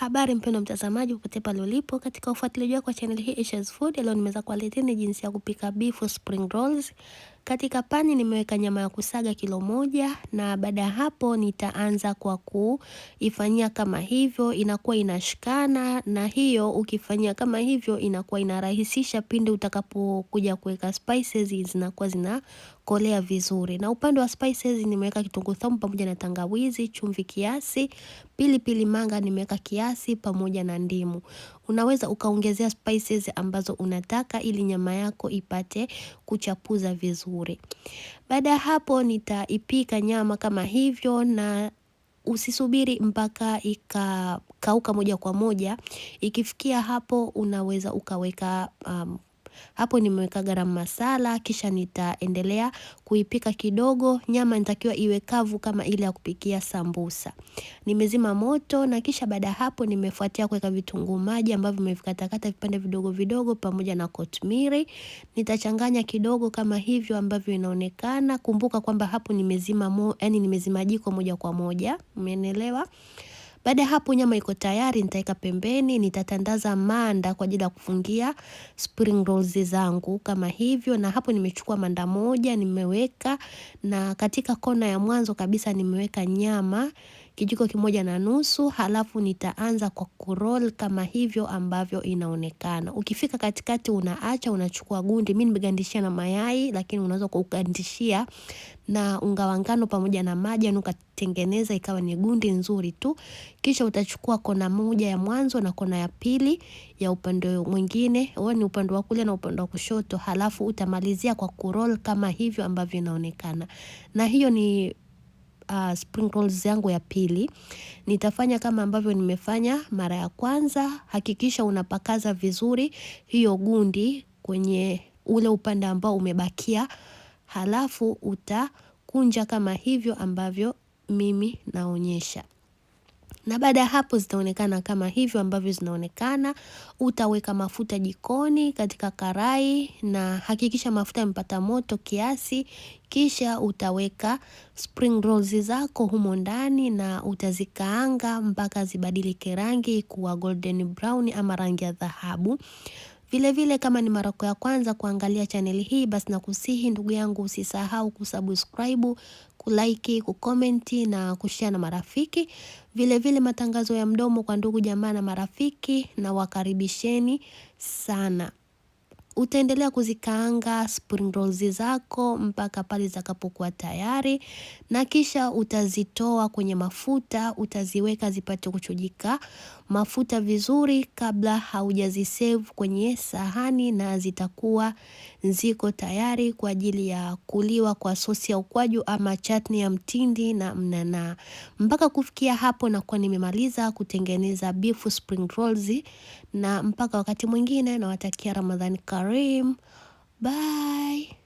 Habari mpendo mtazamaji, popote pale ulipo, katika ufuatiliaji wako wa channel hii Aisha's Food, leo nimeweza kuwaleteni jinsi ya kupika beef spring rolls katika pani nimeweka nyama ya kusaga kilo moja na baada ya hapo nitaanza kwa kuifanyia kama hivyo, inakuwa inashikana, na hiyo ukifanyia kama hivyo inakuwa inarahisisha pindi utakapokuja kuweka spices zinakuwa zinakolea vizuri. Na upande wa spices nimeweka kitunguu saumu pamoja na tangawizi, chumvi kiasi, pilipili manga nimeweka kiasi pamoja na ndimu. Unaweza ukaongezea spices ambazo unataka ili nyama yako ipate kuchapuza vizuri vizuri. Baada ya hapo nitaipika nyama kama hivyo na usisubiri mpaka ikakauka moja kwa moja. Ikifikia hapo unaweza ukaweka um, hapo nimeweka garam masala, kisha nitaendelea kuipika kidogo, nyama inatakiwa iwe kavu kama ile ya kupikia sambusa. Nimezima moto na kisha baada hapo nimefuatia kuweka vitunguu maji ambavyo nimevikatakata vipande vidogo vidogo pamoja na kotmiri. Nitachanganya kidogo kama hivyo ambavyo inaonekana. Kumbuka kwamba hapo nimezima jiko moja kwa moja. Umeelewa? Baada ya hapo, nyama iko tayari, nitaweka pembeni. Nitatandaza manda kwa ajili ya kufungia spring rolls zangu kama hivyo, na hapo nimechukua manda moja nimeweka, na katika kona ya mwanzo kabisa nimeweka nyama kijiko kimoja na nusu, halafu nitaanza kwa kuroll kama hivyo ambavyo inaonekana. Ukifika katikati unaacha, unachukua gundi. Mimi nimegandishia na mayai, lakini unaweza kugandishia na unga wa ngano pamoja na maji, yani ukatengeneza ikawa ni gundi nzuri tu. Kisha utachukua kona moja ya mwanzo na kona ya pili ya upande mwingine, ni upande wa kulia na upande wa kushoto, halafu utamalizia kwa kuroll kama hivyo ambavyo inaonekana, na hiyo ni uh, sprinkles yangu ya pili. Nitafanya kama ambavyo nimefanya mara ya kwanza. Hakikisha unapakaza vizuri hiyo gundi kwenye ule upande ambao umebakia. Halafu utakunja kama hivyo ambavyo mimi naonyesha na baada ya hapo zitaonekana kama hivyo ambavyo zinaonekana. Utaweka mafuta jikoni katika karai na hakikisha mafuta yamepata moto kiasi, kisha utaweka spring rolls zako humo ndani na utazikaanga mpaka zibadilike rangi kuwa golden brown ama rangi ya dhahabu. Vile vile kama ni mara yako ya kwanza kuangalia chaneli hii, basi nakusihi ndugu yangu, usisahau kusubscribe kulaiki kukomenti na kushare na marafiki. Vile vile matangazo ya mdomo kwa ndugu jamaa na marafiki na wakaribisheni sana utaendelea kuzikaanga spring rolls zako mpaka pale zitakapokuwa tayari, na kisha utazitoa kwenye mafuta, utaziweka zipate kuchujika mafuta vizuri kabla haujazisave kwenye sahani, na zitakuwa ziko tayari kwa ajili ya kuliwa kwa sosi ya ukwaju ama chatni ya mtindi na mnanaa. Mpaka kufikia hapo nakuwa nimemaliza kutengeneza beef spring rolls, na mpaka wakati mwingine nawatakia Ramadhani karim. Karim. Bye.